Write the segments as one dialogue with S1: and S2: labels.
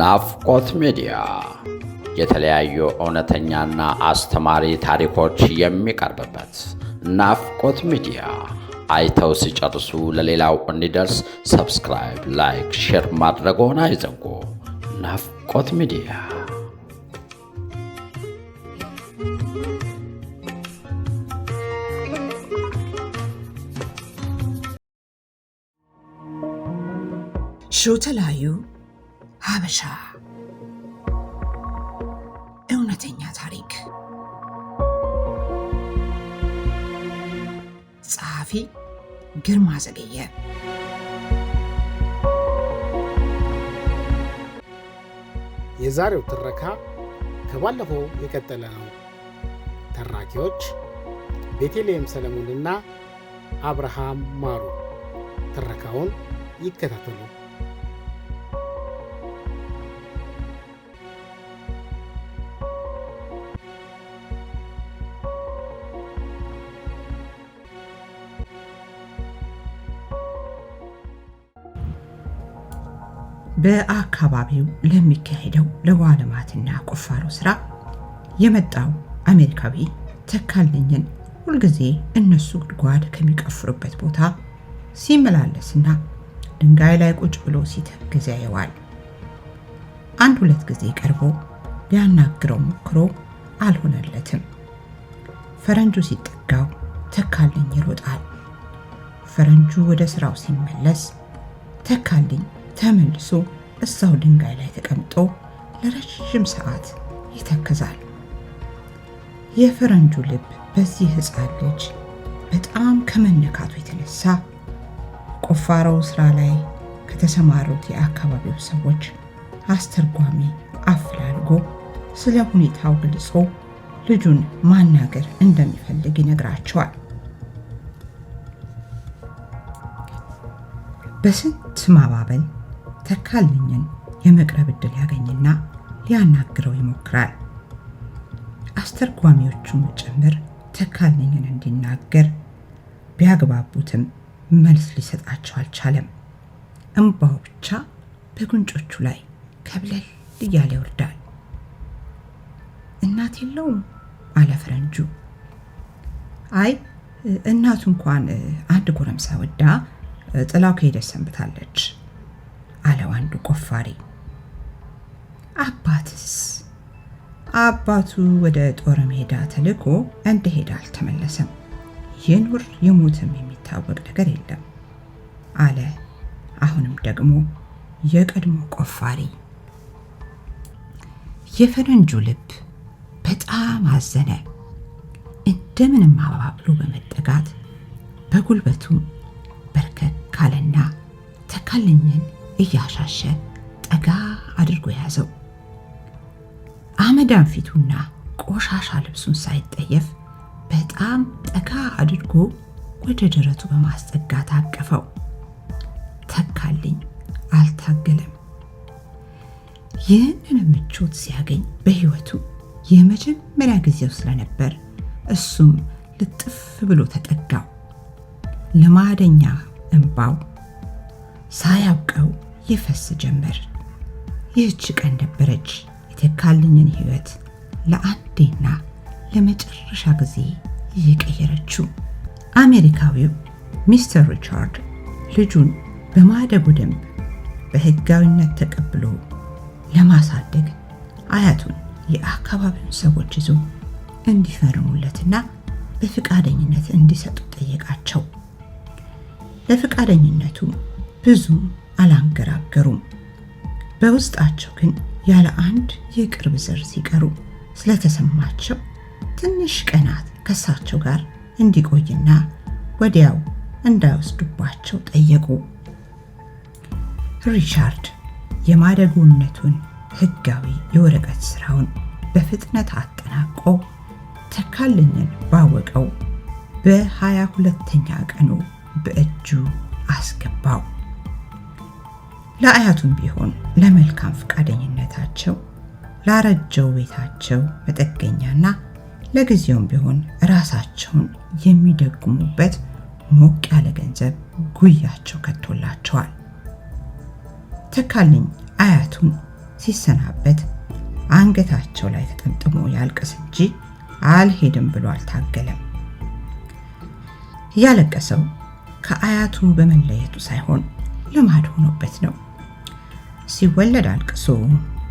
S1: ናፍቆት ሚዲያ የተለያዩ እውነተኛና አስተማሪ ታሪኮች የሚቀርብበት ናፍቆት ሚዲያ። አይተው ሲጨርሱ ለሌላው እንዲደርስ ሰብስክራይብ፣ ላይክ፣ ሼር ማድረግዎን አይዘንጉ። ናፍቆት ሚዲያ ሾተላዩ ሀበሻ እውነተኛ ታሪክ። ጸሐፊ ግርማ ዘገየ።
S2: የዛሬው ትረካ ከባለፈው የቀጠለ ነው። ተራኪዎች ቤቴልሔም ሰለሞንና አብርሃም ማሩ። ትረካውን ይከታተሉ።
S1: በአካባቢው ለሚካሄደው ለውሃ ልማትና ቁፋሮ ስራ የመጣው አሜሪካዊ ተካልኝን ሁልጊዜ እነሱ ጉድጓድ ከሚቀፍሩበት ቦታ ሲመላለስና ድንጋይ ላይ ቁጭ ብሎ ሲተክዝ ያየዋል። አንድ ሁለት ጊዜ ቀርቦ ሊያናግረው ሞክሮ አልሆነለትም። ፈረንጁ ሲጠጋው ተካልኝ ይሮጣል። ፈረንጁ ወደ ስራው ሲመለስ ተካልኝ ተመልሶ እዛው ድንጋይ ላይ ተቀምጦ ለረዥም ሰዓት ይተክዛል። የፈረንጁ ልብ በዚህ ሕፃን ልጅ በጣም ከመነካቱ የተነሳ ቁፋሮ ስራ ላይ ከተሰማሩት የአካባቢው ሰዎች አስተርጓሚ አፈላልጎ ስለ ሁኔታው ገልጾ ልጁን ማናገር እንደሚፈልግ ይነግራቸዋል። በስንት ማባበል ተካልኝን የመቅረብ ዕድል ያገኝና ሊያናግረው ይሞክራል። አስተርጓሚዎቹም ጭምር ተካልኝን እንዲናገር ቢያግባቡትም መልስ ሊሰጣቸው አልቻለም። እምባው ብቻ በጉንጮቹ ላይ ከብለል እያለ ይወርዳል። እናት የለውም አለ ፈረንጁ። አይ እናቱ እንኳን አንድ ጎረምሳ ወዳ ጥላው ከሄደች ሰንብታለች አለው አንዱ ቆፋሪ። አባትስ? አባቱ ወደ ጦር ሜዳ ተልኮ እንደሄደ አልተመለሰም። የኑር የሞትም የሚታወቅ ነገር የለም አለ አሁንም ደግሞ የቀድሞ ቆፋሪ። የፈረንጁ ልብ በጣም አዘነ። እንደምንም አባብሎ በመጠጋት በጉልበቱ በርከክ ካለና እያሻሸ ጠጋ አድርጎ ያዘው። አመዳም ፊቱና ቆሻሻ ልብሱን ሳይጠየፍ በጣም ጠጋ አድርጎ ወደ ደረቱ በማስጠጋት አቀፈው። ተካልኝ፣ አልታገለም። ይህንን ምቾት ሲያገኝ በህይወቱ የመጀመሪያ ጊዜው ስለነበር እሱም ልጥፍ ብሎ ተጠጋው። ልማደኛ እንባው ሳያውቀው ይፈስ ጀመር። ይህች ቀን ነበረች የተካልኝን ህይወት ለአንዴና ለመጨረሻ ጊዜ እየቀየረችው። አሜሪካዊው ሚስተር ሪቻርድ ልጁን በማደጉ ደንብ በሕጋዊነት ተቀብሎ ለማሳደግ አያቱን የአካባቢውን ሰዎች ይዞ እንዲፈርሙለትና በፈቃደኝነት እንዲሰጡ ጠየቃቸው። ለፈቃደኝነቱ ብዙ አላንገራገሩም። በውስጣቸው ግን ያለ አንድ የቅርብ ዘር ሲቀሩ ስለተሰማቸው ትንሽ ቀናት ከእሳቸው ጋር እንዲቆይና ወዲያው እንዳይወስዱባቸው ጠየቁ። ሪቻርድ የማደጎነቱን ሕጋዊ የወረቀት ሥራውን በፍጥነት አጠናቆ ተካልኝን ባወቀው በሃያ ሁለተኛ ቀኑ በእጁ አስገባው። ለአያቱም ቢሆን ለመልካም ፈቃደኝነታቸው ላረጀው ቤታቸው መጠገኛና ለጊዜውም ቢሆን ራሳቸውን የሚደጉሙበት ሞቅ ያለ ገንዘብ ጉያቸው ከቶላቸዋል። ተካልኝ አያቱን ሲሰናበት አንገታቸው ላይ ተጠምጥሞ ያልቅስ እንጂ አልሄድም ብሎ አልታገለም። ያለቀሰው ከአያቱ በመለየቱ ሳይሆን ልማድ ሆኖበት ነው። ሲወለድ አልቅሶ፣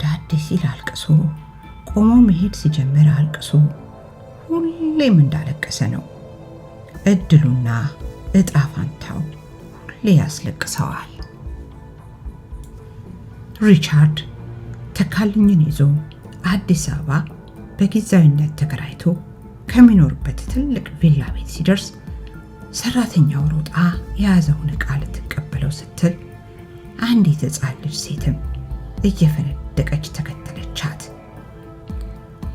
S1: ዳዴ ሲል አልቅሶ፣ ቆሞ መሄድ ሲጀምር አልቅሶ፣ ሁሌም እንዳለቀሰ ነው። እድሉና እጣ ፋንታው ሁሌ ያስለቅሰዋል። ሪቻርድ ተካልኝን ይዞ አዲስ አበባ በጊዜያዊነት ተከራይቶ ከሚኖርበት ትልቅ ቪላ ቤት ሲደርስ ሰራተኛው ሮጣ የያዘውን ዕቃ ልትቀበለው ስትል አንዲት ህፃን ልጅ ሴትም እየፈነደቀች ተከተለቻት።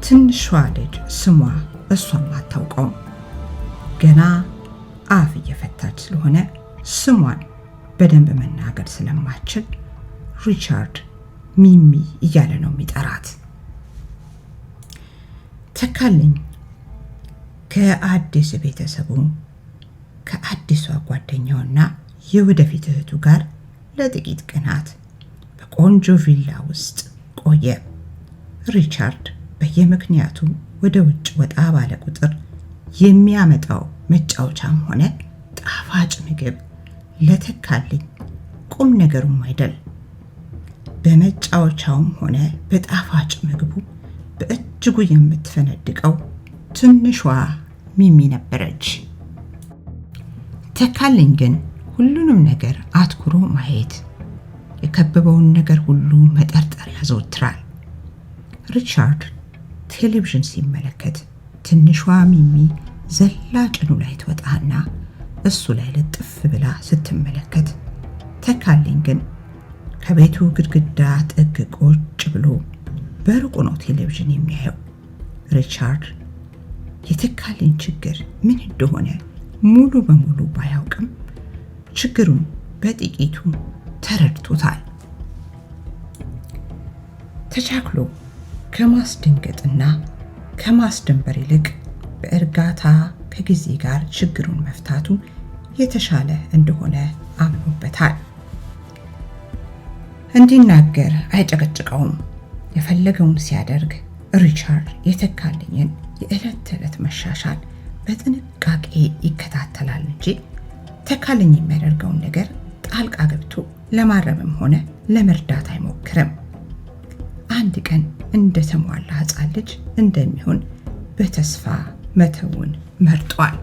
S1: ትንሿ ልጅ ስሟ እሷም አታውቀውም። ገና አፍ እየፈታች ስለሆነ ስሟን በደንብ መናገር ስለማችል ሪቻርድ ሚሚ እያለ ነው የሚጠራት። ተካልኝ ከአዲስ ቤተሰቡ ከአዲሷ ጓደኛውና የወደፊት እህቱ ጋር ለጥቂት ቀናት በቆንጆ ቪላ ውስጥ ቆየ። ሪቻርድ በየምክንያቱ ወደ ውጭ ወጣ ባለ ቁጥር የሚያመጣው መጫወቻም ሆነ ጣፋጭ ምግብ ለተካልኝ ቁም ነገሩም አይደል። በመጫወቻውም ሆነ በጣፋጭ ምግቡ በእጅጉ የምትፈነድቀው ትንሿ ሚሚ ነበረች። ተካልኝ ግን ሁሉንም ነገር አትኩሮ ማየት፣ የከበበውን ነገር ሁሉ መጠርጠር ያዘወትራል። ሪቻርድ ቴሌቪዥን ሲመለከት ትንሿ ሚሚ ዘላ ጭኑ ላይ ትወጣና እሱ ላይ ልጥፍ ብላ ስትመለከት ተካልኝ ግን ከቤቱ ግድግዳ ጥግ ቁጭ ብሎ በሩቁ ነው ቴሌቪዥን የሚያየው። ሪቻርድ የተካሊን ችግር ምን እንደሆነ ሙሉ በሙሉ ባያውቅም ችግሩን በጥቂቱ ተረድቶታል። ተቻክሎ ከማስደንገጥና ከማስደንበር ይልቅ በእርጋታ ከጊዜ ጋር ችግሩን መፍታቱ የተሻለ እንደሆነ አምኖበታል። እንዲናገር አይጨቀጭቀውም። የፈለገውን ሲያደርግ ሪቻርድ የተካልኝን የዕለት ተዕለት መሻሻል በጥንቃቄ ይከታተላል እንጂ ተካልኝ የሚያደርገውን ነገር ጣልቃ ገብቶ ለማረምም ሆነ ለመርዳት አይሞክርም። አንድ ቀን እንደ ተሟላ ልጅ እንደሚሆን በተስፋ መተውን መርጧል።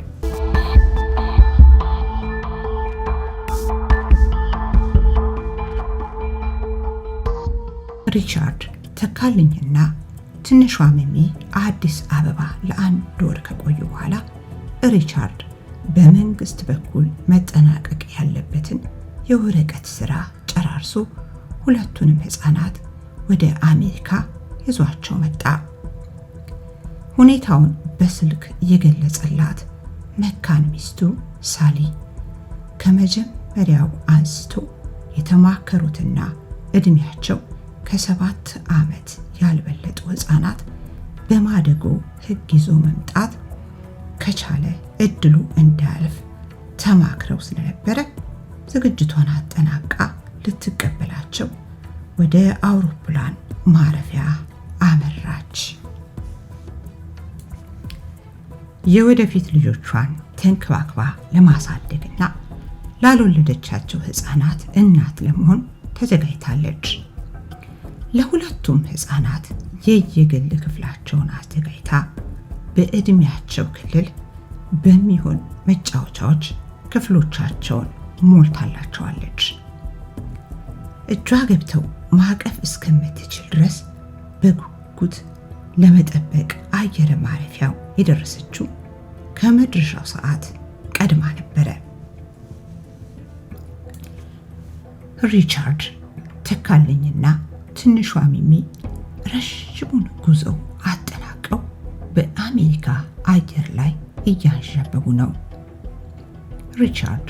S1: ሪቻርድ ተካልኝና ትንሿ ሚሚ አዲስ አበባ ለአንድ ወር ከቆዩ በኋላ ሪቻርድ በመንግስት በኩል መጠናቀቅ ያለበትን የወረቀት ስራ ጨራርሶ ሁለቱንም ህፃናት ወደ አሜሪካ ይዟቸው መጣ። ሁኔታውን በስልክ የገለጸላት መካን ሚስቱ ሳሊ ከመጀመሪያው አንስቶ የተማከሩትና እድሜያቸው ከሰባት ዓመት ያልበለጡ ህፃናት በማደጎ ህግ ይዞ መምጣት ከቻለ እድሉ እንዳያልፍ ተማክረው ስለነበረ ዝግጅቷን አጠናቃ ልትቀበላቸው ወደ አውሮፕላን ማረፊያ አመራች። የወደፊት ልጆቿን ተንከባክባ ለማሳደግና ላልወለደቻቸው ሕፃናት እናት ለመሆን ተዘጋጅታለች። ለሁለቱም ሕፃናት የየግል ክፍላቸውን አዘጋጅታ በዕድሜያቸው ክልል በሚሆን መጫወቻዎች ክፍሎቻቸውን ሞልታላቸዋለች። እጇ ገብተው ማቀፍ እስከምትችል ድረስ በጉጉት ለመጠበቅ አየር ማረፊያው የደረሰችው ከመድረሻው ሰዓት ቀድማ ነበረ። ሪቻርድ ተካልኝና ትንሿ ሚሚ ረዥሙን ጉዞ አጠናቀው በአሜሪካ አየር ላይ እያንዣበቡ ነው። ሪቻርድ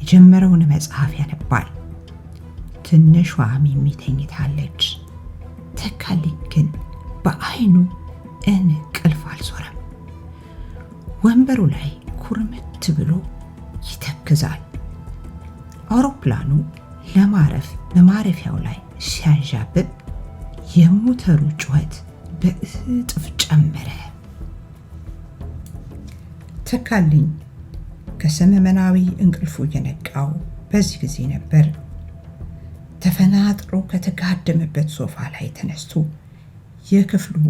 S1: የጀመረውን መጽሐፍ ያነባል። ትንሿ ሚሚ ተኝታለች። ተካልኝ ግን በአይኑ እንቅልፍ አልዞረም። ወንበሩ ላይ ኩርምት ብሎ ይተክዛል። አውሮፕላኑ ለማረፍ በማረፊያው ላይ ሲያንዣብብ የሞተሩ ጩኸት በእጥፍ ጨመረ። ተካልኝ ከሰመመናዊ እንቅልፉ የነቃው በዚህ ጊዜ ነበር። ተፈናጥሮ ከተጋደመበት ሶፋ ላይ ተነስቶ የክፍሉ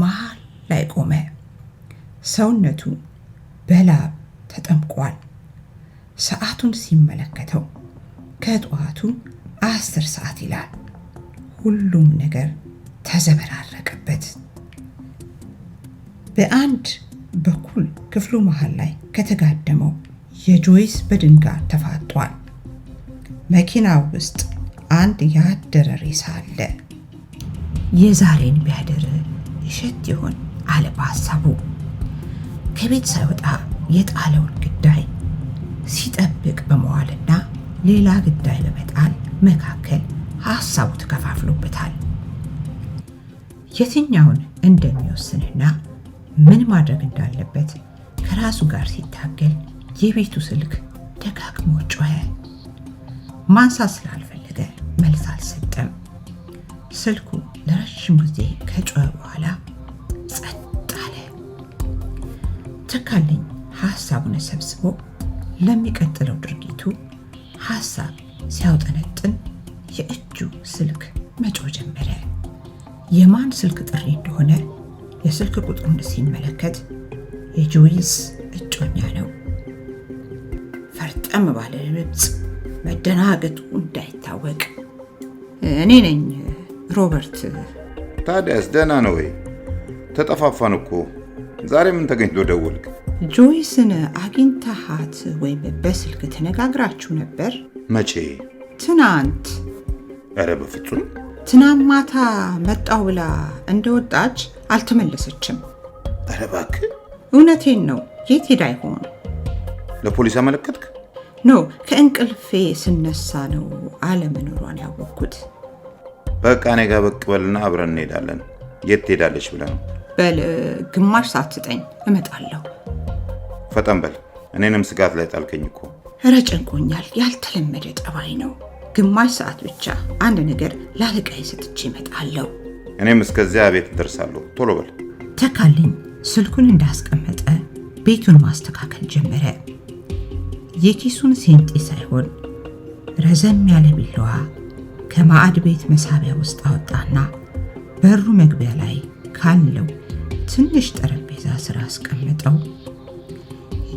S1: መሃል ላይ ቆመ። ሰውነቱ በላብ ተጠምቋል። ሰዓቱን ሲመለከተው ከጠዋቱ አስር ሰዓት ይላል። ሁሉም ነገር ተዘበራረቀበት። በአንድ በኩል ክፍሉ መሃል ላይ ከተጋደመው የጆይስ በድንጋይ ተፋጧል። መኪና ውስጥ አንድ ያደረ ሬሳ አለ። የዛሬን ቢያደር ይሸት ይሆን አለ ከቤት ሳይወጣ የጣለውን ግዳይ ሲጠብቅ በመዋልና ሌላ ግዳይ በመጣል መካከል ሀሳቡ ተከፋፍሎበታል። የትኛውን እንደሚወስንና ምን ማድረግ እንዳለበት ከራሱ ጋር ሲታገል የቤቱ ስልክ ደጋግሞ ጮኸ። ማንሳት ስላልፈለገ መልስ አልሰጠም። ስልኩ ለረዥም ጊዜ ከጮኸ በኋላ ጸጥ አለ። ተካልኝ ሀሳቡን ሰብስቦ ለሚቀጥለው ድርጊቱ ሀሳብ ሲያውጠነጥን የእጁ ስልክ መጮ ጀመረ። የማን ስልክ ጥሪ እንደሆነ የስልክ ቁጥሩን ሲመለከት የጆይስ እጮኛ ነው። ፈርጠም ባለ ድምፅ መደናገጡ እንዳይታወቅ እኔ ነኝ ሮበርት።
S2: ታዲያስ ደህና ነው ወይ? ተጠፋፋን እኮ ዛሬ ምን ተገኝቶ ደወልክ?
S1: ጆይስን አግኝተሃት ወይም በስልክ ተነጋግራችሁ ነበር? መቼ? ትናንት።
S2: ኧረ በፍጹም
S1: ትናንት ማታ ብላ እንደወጣች አልተመለሰችም። ኧረ እባክህ እውነቴን ነው። የት ሄዳ ይሆን?
S2: ለፖሊስ አመለከትክ?
S1: ኖ ከእንቅልፌ ስነሳ ነው አለመኖሯን ያወቅኩት።
S2: በቃ እኔ ጋ በቅ በልና አብረን እንሄዳለን። የት ትሄዳለች ብለህ ነው?
S1: በል ግማሽ ሰዓት ስጠኝ፣ እመጣለሁ።
S2: ፈጠን በል፣ እኔንም ስጋት ላይ ጣልከኝ እኮ።
S1: ኧረ ጨንቆኛል። ያልተለመደ ጠባይ ነው። ግማሽ ሰዓት ብቻ አንድ ነገር ላለቃዬ ሰጥቼ እመጣለሁ።
S2: እኔም እስከዚያ ቤት ደርሳለሁ፣ ቶሎ በል
S1: ተካልኝ። ስልኩን እንዳስቀመጠ ቤቱን ማስተካከል ጀመረ። የኪሱን ሴንጤ ሳይሆን ረዘም ያለ ቢላዋ ከማዕድ ቤት መሳቢያ ውስጥ አወጣና በሩ መግቢያ ላይ ካለው ትንሽ ጠረጴዛ ስራ አስቀመጠው።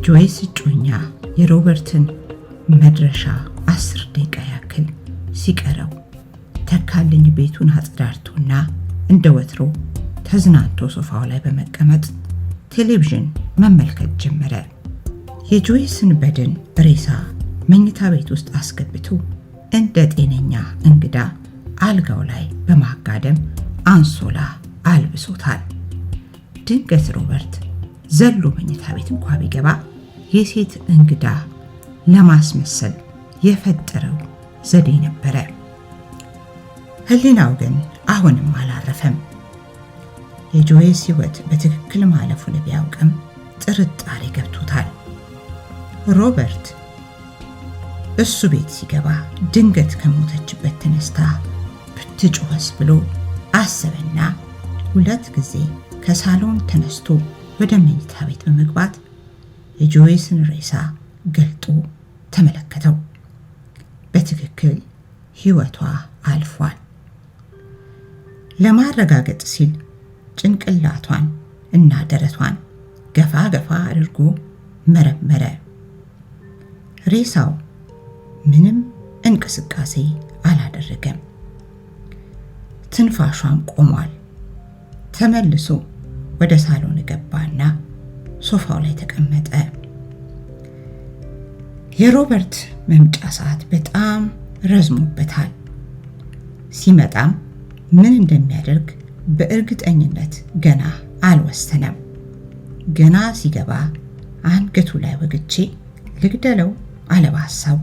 S1: ጆይስ እጮኛ የሮበርትን መድረሻ አስር ደቂቃ ያክል ሲቀረው ተካልኝ ቤቱን አጽዳርቶና እንደ ወትሮ ተዝናንቶ ሶፋው ላይ በመቀመጥ ቴሌቪዥን መመልከት ጀመረ። የጆይስን በድን ሬሳ መኝታ ቤት ውስጥ አስገብቶ እንደ ጤነኛ እንግዳ አልጋው ላይ በማጋደም አንሶላ አልብሶታል። ድንገት ሮበርት ዘሎ መኝታ ቤት እንኳ ቢገባ የሴት እንግዳ ለማስመሰል የፈጠረው ዘዴ ነበረ። ህሊናው ግን አሁንም አላረፈም። የጆይስ ህይወት በትክክል ማለፉን ቢያውቅም ጥርጣሬ ገብቶታል። ሮበርት እሱ ቤት ሲገባ ድንገት ከሞተችበት ተነስታ ብትጮኸስ ብሎ አሰበና ሁለት ጊዜ ከሳሎን ተነስቶ ወደ መኝታ ቤት በመግባት የጆይስን ሬሳ ገልጦ ተመለከተው። ሕይወቷ አልፏል። ለማረጋገጥ ሲል ጭንቅላቷን እና ደረቷን ገፋ ገፋ አድርጎ መረመረ። ሬሳው ምንም እንቅስቃሴ አላደረገም። ትንፋሿም ቆሟል። ተመልሶ ወደ ሳሎን ገባና ሶፋው ላይ ተቀመጠ። የሮበርት መምጫ ሰዓት በጣም ረዝሞበታል። ሲመጣም ምን እንደሚያደርግ በእርግጠኝነት ገና አልወሰነም። ገና ሲገባ አንገቱ ላይ ወግቼ ልግደለው አለባ ሀሳቡ።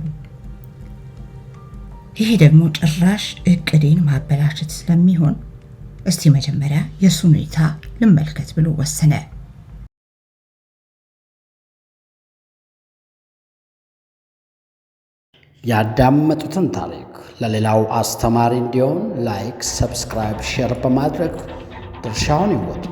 S1: ይሄ ደግሞ ጭራሽ እቅዴን ማበላሸት ስለሚሆን እስቲ መጀመሪያ የእሱን ሁኔታ ልመልከት ብሎ ወሰነ።
S2: ያዳመጡትን ታሪክ ለሌላው አስተማሪ እንዲሆን ላይክ፣ ሰብስክራይብ፣ ሼር በማድረግ ድርሻውን ይወጡ።